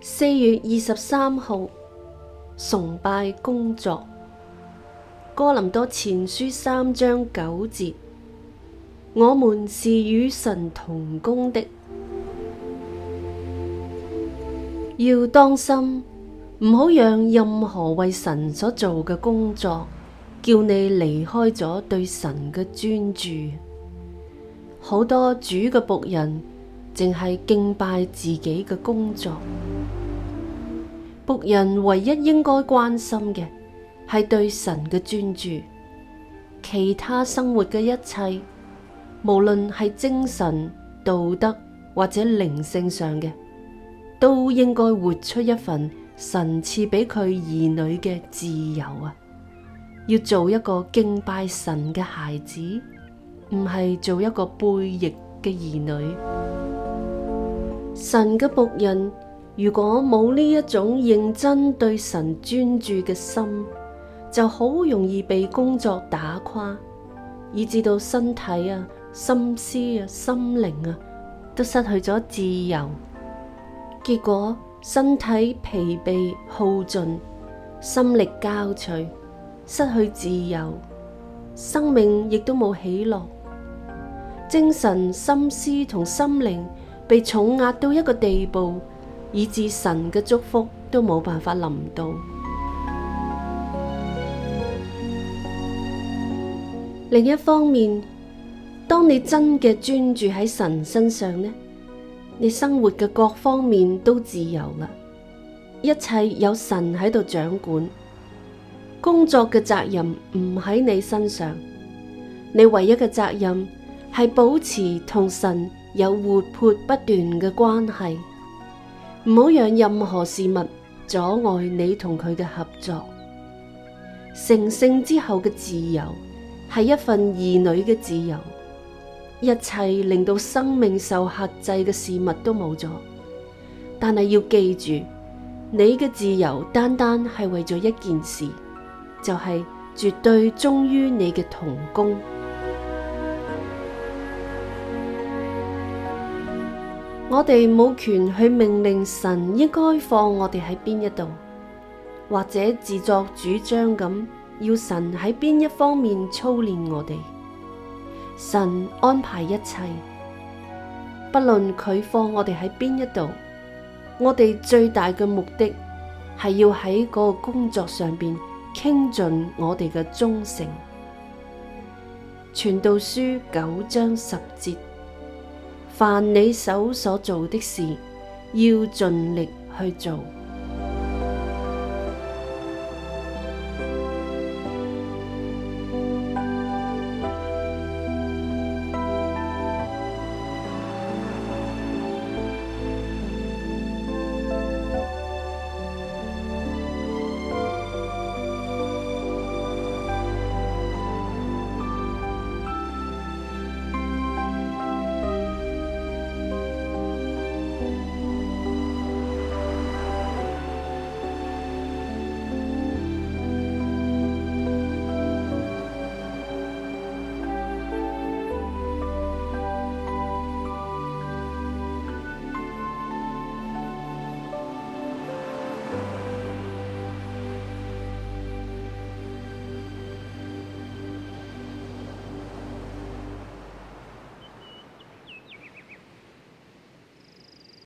四月二十三號，崇拜工作。哥林多前書三章九節，我們是與神同工的。要當心，唔好讓任何為神所做嘅工作，叫你離開咗對神嘅專注。好多主嘅僕人，淨係敬拜自己嘅工作，僕人唯一應該關心嘅係對神嘅專注，其他生活嘅一切，無論係精神、道德或者靈性上嘅，都應該活出一份神賜俾佢兒女嘅自由啊！要做一個敬拜神嘅孩子，唔係做一個背逆嘅兒女。神嘅僕人如果冇呢一種認真對神專注嘅心，就好容易被工作打垮，以至到身體啊、心思啊、心靈啊都失去咗自由，結果身體疲憊耗盡，心力交瘁，失去自由，生命亦都冇起落，精神、心思同心靈。被重壓到一個地步，以致神嘅祝福都冇辦法臨到。另一方面，當你真嘅專注喺神身上呢，你生活嘅各方面都自由啦，一切有神喺度掌管，工作嘅責任唔喺你身上，你唯一嘅責任係保持同神有活潑不斷嘅關係，唔好讓任何事物阻礙你同佢嘅合作。成聖之後嘅自由，係一份兒女嘅自由，一切令到生命受限制嘅事物都冇咗。但係要記住，你嘅自由單單係為咗一件事，就係、是、絕對忠於你嘅同工。我哋冇權去命令神應該放我哋喺邊一度，或者自作主張咁要神喺邊一方面操練我哋。神安排一切，不論佢放我哋喺邊一度，我哋最大嘅目的係要喺嗰個工作上邊傾盡我哋嘅忠誠。傳道書九章十節。凡你手所做的事，要盡力去做。